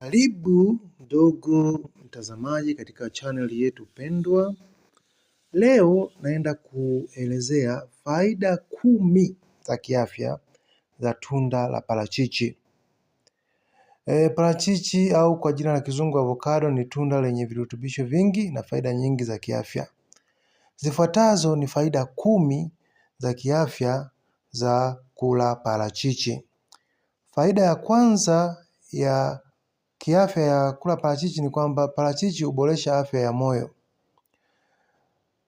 Karibu ndugu mtazamaji katika chaneli yetu pendwa. Leo naenda kuelezea faida kumi za kiafya za tunda la parachichi. E, parachichi au kwa jina la kizungu avocado ni tunda lenye virutubisho vingi na faida nyingi za kiafya. Zifuatazo ni faida kumi za kiafya za kula parachichi. Faida ya kwanza ya kiafya ya kula parachichi ni kwamba parachichi huboresha afya ya moyo.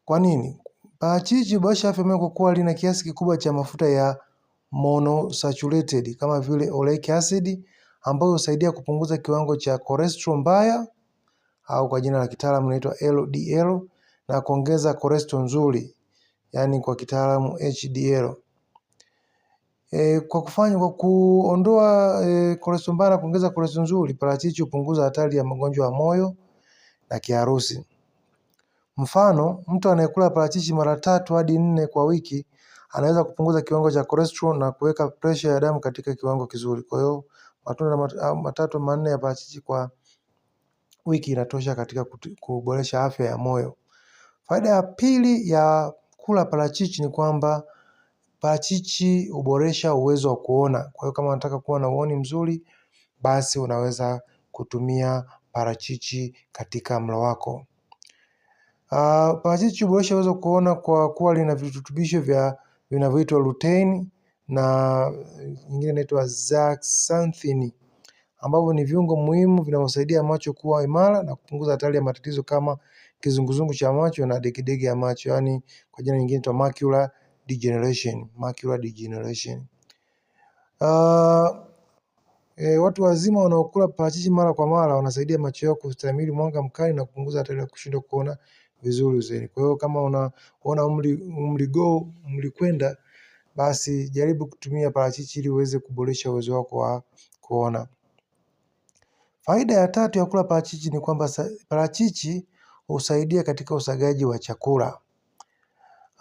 Kwa nini? Parachichi huboresha afya ya moyo kwa kuwa lina kiasi kikubwa cha mafuta ya monosaturated kama vile oleic acid ambayo husaidia kupunguza kiwango cha cholesterol mbaya au kwa jina la kitaalamu inaitwa LDL na kuongeza cholesterol nzuri, yaani kwa kitaalamu HDL. E, kwa kufanya kwa kuondoa e, eh, kolesteroli mbaya na kuongeza kolesteroli nzuri, parachichi hupunguza hatari ya magonjwa ya moyo na kiharusi. Mfano, mtu anayekula parachichi mara tatu hadi nne kwa wiki anaweza kupunguza kiwango cha kolesteroli na kuweka presha ya damu katika kiwango kizuri. Kwa hiyo matunda matatu manne ya parachichi kwa wiki inatosha katika kuboresha afya ya moyo. Faida ya pili ya kula parachichi ni kwamba Parachichi huboresha uwezo wa kuona, kwa hiyo kama unataka kuwa na uoni mzuri, basi unaweza kutumia parachichi katika mlo wako. Uh, parachichi huboresha uwezo wa kuona kwa kuwa lina virutubisho vya vinavyoitwa lutein na nyingine inaitwa zeaxanthin ambavyo ni viungo muhimu vinavyosaidia macho kuwa imara na kupunguza hatari ya matatizo kama kizunguzungu cha macho na degedege ya macho, yaani kwa jina lingine inaitwa degeneration, macular degeneration. Uh, e, watu wazima wanaokula parachichi mara kwa mara wanasaidia macho yao kustahimili mwanga mkali na kupunguza hatari ya kushindwa kuona vizuri zaidi. Kwa hiyo kama unaona umri, umri go umri kwenda, basi jaribu kutumia parachichi ili uweze kuboresha uwezo wako wa kuona. Faida ya tatu ya kula parachichi ni kwamba parachichi husaidia katika usagaji wa chakula.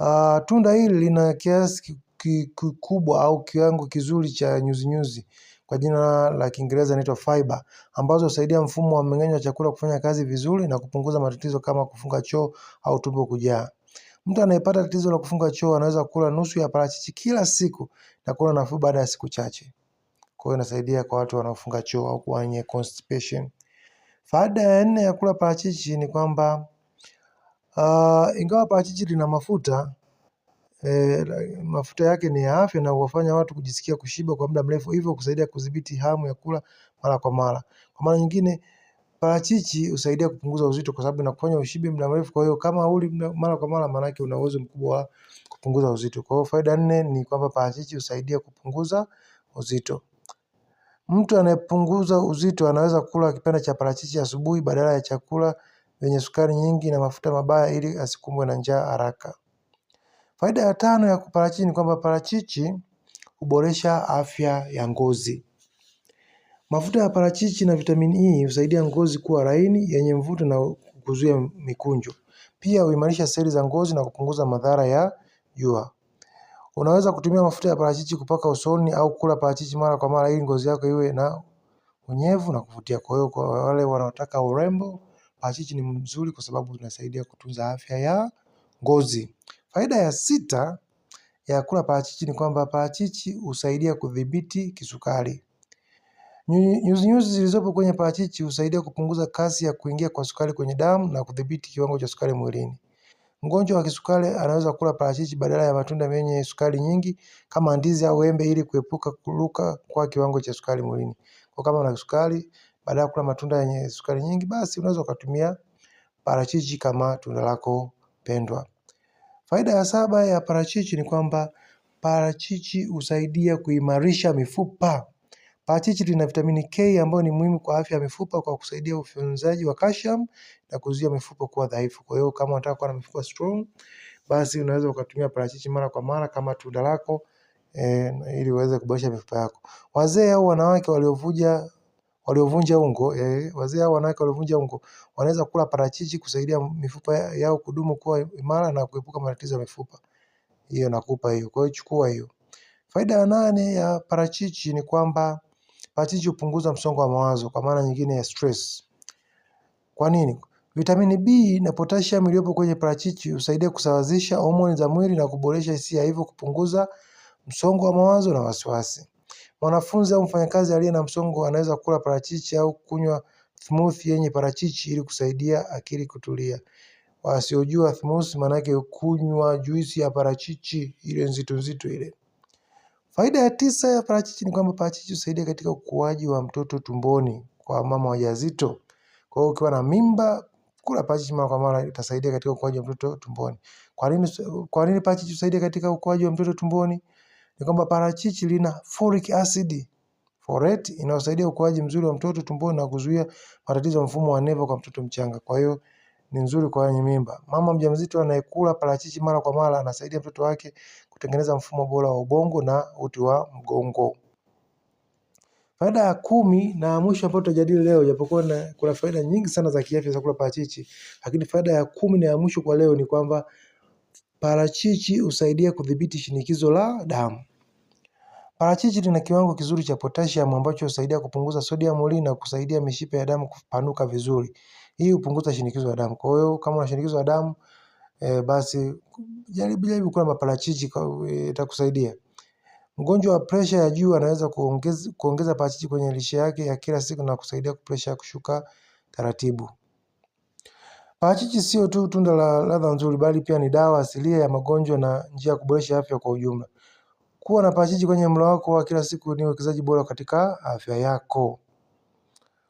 Uh, tunda hili lina kiasi kikubwa au kiwango kizuri cha nyuzinyuzi kwa jina la Kiingereza inaitwa fiber, ambazo husaidia mfumo wa mmeng'enyo wa chakula kufanya kazi vizuri na kupunguza matatizo kama kufunga choo au tumbo kujaa. Mtu anayepata tatizo la kufunga choo anaweza kula nusu ya parachichi kila siku na kuona nafuu baada ya siku chache. Kwa hiyo inasaidia kwa watu wanaofunga choo au wenye constipation. Faida ya nne ya kula parachichi ni kwamba Uh, Ingawa parachichi lina mafuta eh, mafuta yake ni ya afya na huwafanya watu kujisikia kushiba kwa muda mrefu hivyo kusaidia kudhibiti hamu ya kula mara kwa mara. Kwa mara nyingine parachichi husaidia kupunguza uzito kwa sababu inakufanya ushibe muda mrefu kwa hiyo kama huli mara kwa mara maana yake una uwezo mkubwa wa kupunguza uzito. Kwa hiyo faida nne ni kwamba parachichi husaidia kupunguza uzito. Mtu anayepunguza uzito anaweza kula kipande cha parachichi asubuhi badala ya chakula vyenye sukari nyingi na mafuta mabaya ili asikumbwe na njaa haraka. Faida ya tano ya parachichi ni kwamba parachichi huboresha afya ya ngozi. Mafuta ya parachichi na vitamini E husaidia ngozi kuwa laini, yenye mvuto na kuzuia mikunjo. Pia huimarisha seli za ngozi na kupunguza madhara ya jua. Unaweza kutumia mafuta ya parachichi kupaka usoni au kula parachichi mara kwa mara ili ngozi yako iwe na unyevu na kuvutia. Kwa hiyo, kwa wale wanaotaka urembo Parachichi ni mzuri kwa sababu inasaidia kutunza afya ya ngozi. Faida ya sita ya kula parachichi ni kwamba parachichi husaidia kudhibiti kisukari. Nyuzinyuzi zilizopo kwenye parachichi husaidia kupunguza kasi ya kuingia kwa sukari kwenye damu na kudhibiti kiwango cha sukari mwilini. Mgonjwa wa kisukari anaweza kula parachichi badala ya matunda yenye sukari nyingi kama ndizi au embe ili kuepuka kuruka kwa kiwango cha sukari mwilini. Kwa kama una sukari badala ya kula matunda yenye sukari nyingi, basi unaweza ukatumia parachichi kama tunda lako pendwa. Faida ya saba ya parachichi ni kwamba parachichi husaidia kuimarisha mifupa. Parachichi lina vitamini K ambayo ni muhimu kwa afya ya mifupa kwa kusaidia ufyonzaji wa calcium na kuzuia mifupa kuwa dhaifu. Kwa hiyo kama unataka kuwa na mifupa strong, basi unaweza ukatumia parachichi mara kwa mara kama tunda lako eh, ili uweze kuboresha mifupa yako. Wazee au wanawake waliovuja waliovunja ungo eh, wazee hao wanawake waliovunja ungo wanaweza kula parachichi kusaidia mifupa yao kudumu kuwa imara na kuepuka matatizo ya mifupa. Hiyo nakupa hiyo, kwa hiyo chukua hiyo. Faida ya nane ya parachichi ni kwamba parachichi hupunguza msongo wa mawazo, kwa maana nyingine ya stress. Kwa nini? Vitamini B na potassium iliyopo kwenye parachichi husaidia kusawazisha homoni za mwili na kuboresha hisia, hivyo kupunguza msongo wa mawazo na wasiwasi. Mwanafunzi au mfanyakazi aliye na msongo anaweza kula parachichi au kunywa smoothie yenye parachichi ili kusaidia akili kutulia. Wasiojua smoothie maana yake kunywa juisi ya parachichi ile nzito nzito ile. Faida ya tisa ya parachichi ni kwamba parachichi husaidia katika ukuaji wa mtoto tumboni kwa mama wajawazito. Kwa hiyo ukiwa na mimba kula parachichi mara kwa mara itasaidia katika ukuaji wa mtoto tumboni. Kwa nini kwa nini parachichi husaidia katika ukuaji wa mtoto tumboni? ni kwamba parachichi lina folic acid folate inayosaidia ukuaji mzuri wa mtoto tumboni na kuzuia matatizo ya mfumo wa neva kwa mtoto mchanga. Kwa hiyo ni nzuri kwa wenye mimba. Mama mjamzito anayekula parachichi mara kwa mara anasaidia mtoto wake kutengeneza mfumo bora wa ubongo na uti wa mgongo. Faida ya kumi na mwisho ambayo tutajadili leo, japokuwa kuna faida nyingi sana za kiafya za kula parachichi, lakini faida ya kumi na ya mwisho kwa leo ni kwamba parachichi husaidia kudhibiti shinikizo la damu. Parachichi lina kiwango kizuri cha potassium ambacho husaidia kupunguza sodium mwilini na kusaidia mishipa ya damu kupanuka vizuri. Hii hupunguza shinikizo la damu. Kwa hiyo kama una shinikizo la damu eh, basi jaribu jaribu kula maparachichi itakusaidia. Mgonjwa wa presha ya juu anaweza kuongeza, kuongeza parachichi kwenye lishe yake ya kila siku na kusaidia presha kushuka taratibu. Parachichi sio tu tunda la ladha nzuri, bali pia ni dawa asilia ya magonjwa na njia ya kuboresha afya kwa ujumla. Kuwa na parachichi kwenye mlo wako wa kila siku ni uwekezaji bora katika afya yako.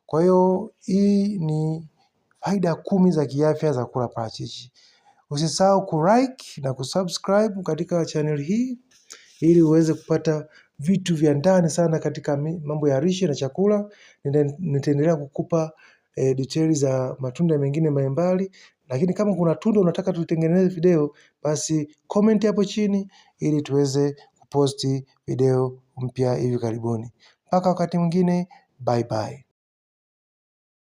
Kwa hiyo hii ni faida kumi za kiafya za kula parachichi. Usisahau ku like na kusubscribe katika channel hii ili uweze kupata vitu vya ndani sana katika mambo ya lishe na chakula. Nitaendelea kukupa e, details za matunda mengine mbalimbali, lakini kama kuna tunda unataka tutengeneze video, basi comment hapo chini ili tuweze kuposti video mpya hivi karibuni. Mpaka wakati mwingine, bye bye.